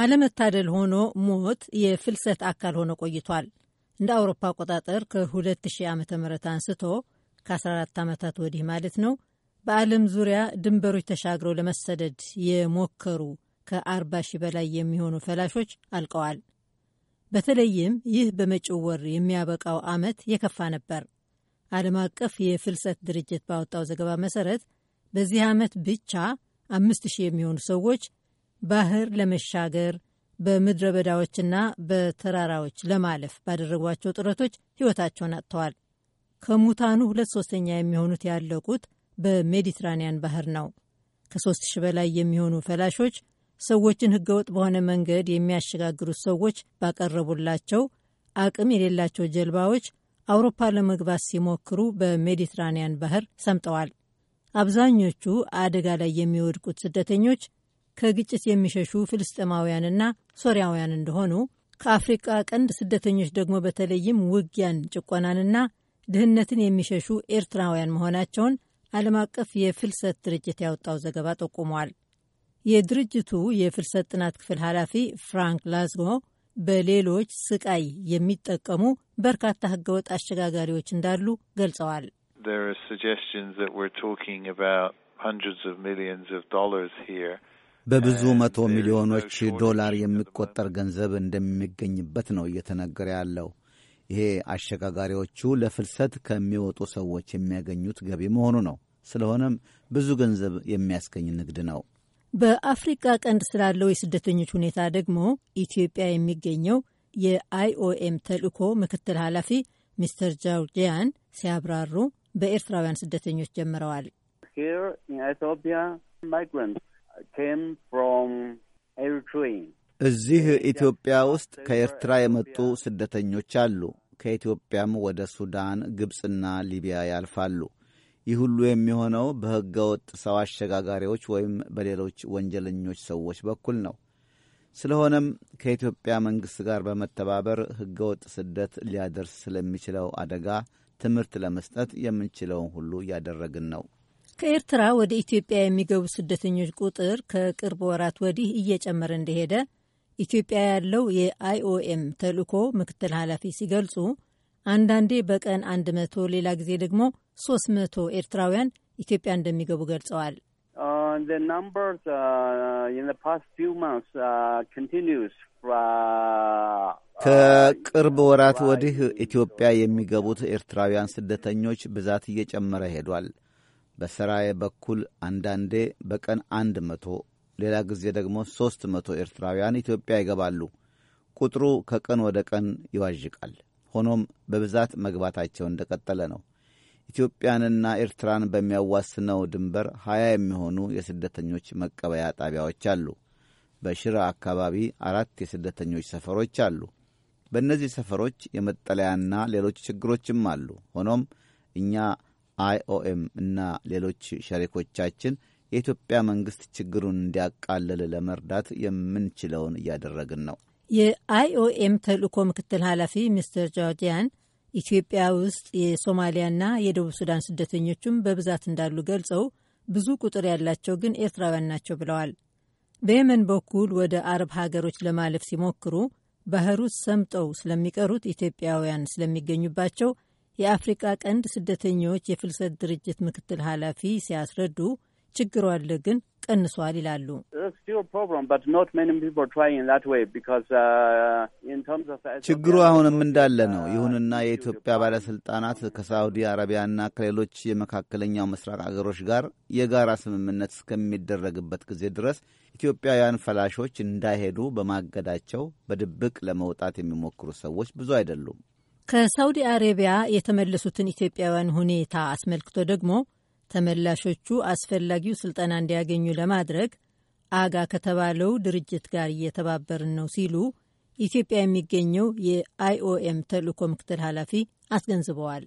አለመታደል ሆኖ ሞት የፍልሰት አካል ሆኖ ቆይቷል። እንደ አውሮፓ አቆጣጠር ከ2000 ዓ ም አንስቶ ከ14 ዓመታት ወዲህ ማለት ነው። በዓለም ዙሪያ ድንበሮች ተሻግረው ለመሰደድ የሞከሩ ከ40 ሺህ በላይ የሚሆኑ ፈላሾች አልቀዋል። በተለይም ይህ በመጪው ወር የሚያበቃው ዓመት የከፋ ነበር። ዓለም አቀፍ የፍልሰት ድርጅት ባወጣው ዘገባ መሰረት በዚህ ዓመት ብቻ 5000 የሚሆኑ ሰዎች ባህር ለመሻገር በምድረ በዳዎችና በተራራዎች ለማለፍ ባደረጓቸው ጥረቶች ሕይወታቸውን አጥተዋል። ከሙታኑ ሁለት ሶስተኛ የሚሆኑት ያለቁት በሜዲትራኒያን ባህር ነው። 3 ሺህ በላይ የሚሆኑ ፈላሾች ሰዎችን ሕገወጥ በሆነ መንገድ የሚያሸጋግሩት ሰዎች ባቀረቡላቸው አቅም የሌላቸው ጀልባዎች አውሮፓ ለመግባት ሲሞክሩ በሜዲትራኒያን ባህር ሰምጠዋል። አብዛኞቹ አደጋ ላይ የሚወድቁት ስደተኞች ከግጭት የሚሸሹ ፍልስጤማውያንና ሶሪያውያን እንደሆኑ፣ ከአፍሪቃ ቀንድ ስደተኞች ደግሞ በተለይም ውጊያን፣ ጭቆናንና ድህነትን የሚሸሹ ኤርትራውያን መሆናቸውን ዓለም አቀፍ የፍልሰት ድርጅት ያወጣው ዘገባ ጠቁሟል። የድርጅቱ የፍልሰት ጥናት ክፍል ኃላፊ ፍራንክ ላዝጎ በሌሎች ስቃይ የሚጠቀሙ በርካታ ህገወጥ አሸጋጋሪዎች እንዳሉ ገልጸዋል። በብዙ መቶ ሚሊዮኖች ዶላር የሚቆጠር ገንዘብ እንደሚገኝበት ነው እየተነገረ ያለው። ይሄ አሸጋጋሪዎቹ ለፍልሰት ከሚወጡ ሰዎች የሚያገኙት ገቢ መሆኑ ነው። ስለሆነም ብዙ ገንዘብ የሚያስገኝ ንግድ ነው። በአፍሪቃ ቀንድ ስላለው የስደተኞች ሁኔታ ደግሞ ኢትዮጵያ የሚገኘው የአይኦኤም ተልእኮ ምክትል ኃላፊ ሚስተር ጃውርጂያን ሲያብራሩ በኤርትራውያን ስደተኞች ጀምረዋል። እዚህ ኢትዮጵያ ውስጥ ከኤርትራ የመጡ ስደተኞች አሉ። ከኢትዮጵያም ወደ ሱዳን፣ ግብፅና ሊቢያ ያልፋሉ። ይህ ሁሉ የሚሆነው በሕገ ወጥ ሰው አሸጋጋሪዎች ወይም በሌሎች ወንጀለኞች ሰዎች በኩል ነው። ስለሆነም ከኢትዮጵያ መንግሥት ጋር በመተባበር ሕገ ወጥ ስደት ሊያደርስ ስለሚችለው አደጋ ትምህርት ለመስጠት የምንችለውን ሁሉ እያደረግን ነው። ከኤርትራ ወደ ኢትዮጵያ የሚገቡ ስደተኞች ቁጥር ከቅርብ ወራት ወዲህ እየጨመረ እንደሄደ ኢትዮጵያ ያለው የአይኦኤም ተልእኮ ምክትል ኃላፊ ሲገልጹ አንዳንዴ በቀን አንድ መቶ ሌላ ጊዜ ደግሞ ሶስት መቶ ኤርትራውያን ኢትዮጵያ እንደሚገቡ ገልጸዋል። uh, uh, uh, ከቅርብ ወራት ወዲህ ኢትዮጵያ የሚገቡት ኤርትራውያን ስደተኞች ብዛት እየጨመረ ሄዷል። በሥራዬ በኩል አንዳንዴ በቀን አንድ መቶ ሌላ ጊዜ ደግሞ ሦስት መቶ ኤርትራውያን ኢትዮጵያ ይገባሉ። ቁጥሩ ከቀን ወደ ቀን ይዋዥቃል። ሆኖም በብዛት መግባታቸው እንደ ቀጠለ ነው። ኢትዮጵያንና ኤርትራን በሚያዋስነው ድንበር ሀያ የሚሆኑ የስደተኞች መቀበያ ጣቢያዎች አሉ። በሽረ አካባቢ አራት የስደተኞች ሰፈሮች አሉ። በእነዚህ ሰፈሮች የመጠለያና ሌሎች ችግሮችም አሉ። ሆኖም እኛ አይኦኤም እና ሌሎች ሸሪኮቻችን የኢትዮጵያ መንግስት ችግሩን እንዲያቃልል ለመርዳት የምንችለውን እያደረግን ነው። የአይኦኤም ተልእኮ ምክትል ኃላፊ ሚስተር ጆርጂያን ኢትዮጵያ ውስጥ የሶማሊያና የደቡብ ሱዳን ስደተኞችም በብዛት እንዳሉ ገልጸው ብዙ ቁጥር ያላቸው ግን ኤርትራውያን ናቸው ብለዋል። በየመን በኩል ወደ አረብ ሀገሮች ለማለፍ ሲሞክሩ ባህሩ ሰምጠው ስለሚቀሩት ኢትዮጵያውያን ስለሚገኙባቸው የአፍሪቃ ቀንድ ስደተኞች የፍልሰት ድርጅት ምክትል ኃላፊ ሲያስረዱ ችግሩ አለ ግን ቀንሷል ይላሉ። ችግሩ አሁንም እንዳለ ነው። ይሁንና የኢትዮጵያ ባለስልጣናት ከሳዑዲ አረቢያና ከሌሎች የመካከለኛው ምስራቅ አገሮች ጋር የጋራ ስምምነት እስከሚደረግበት ጊዜ ድረስ ኢትዮጵያውያን ፈላሾች እንዳይሄዱ በማገዳቸው በድብቅ ለመውጣት የሚሞክሩ ሰዎች ብዙ አይደሉም። ከሳውዲ አረቢያ የተመለሱትን ኢትዮጵያውያን ሁኔታ አስመልክቶ ደግሞ ተመላሾቹ አስፈላጊው ስልጠና እንዲያገኙ ለማድረግ አጋ ከተባለው ድርጅት ጋር እየተባበርን ነው ሲሉ ኢትዮጵያ የሚገኘው የአይኦኤም ተልእኮ ምክትል ኃላፊ አስገንዝበዋል።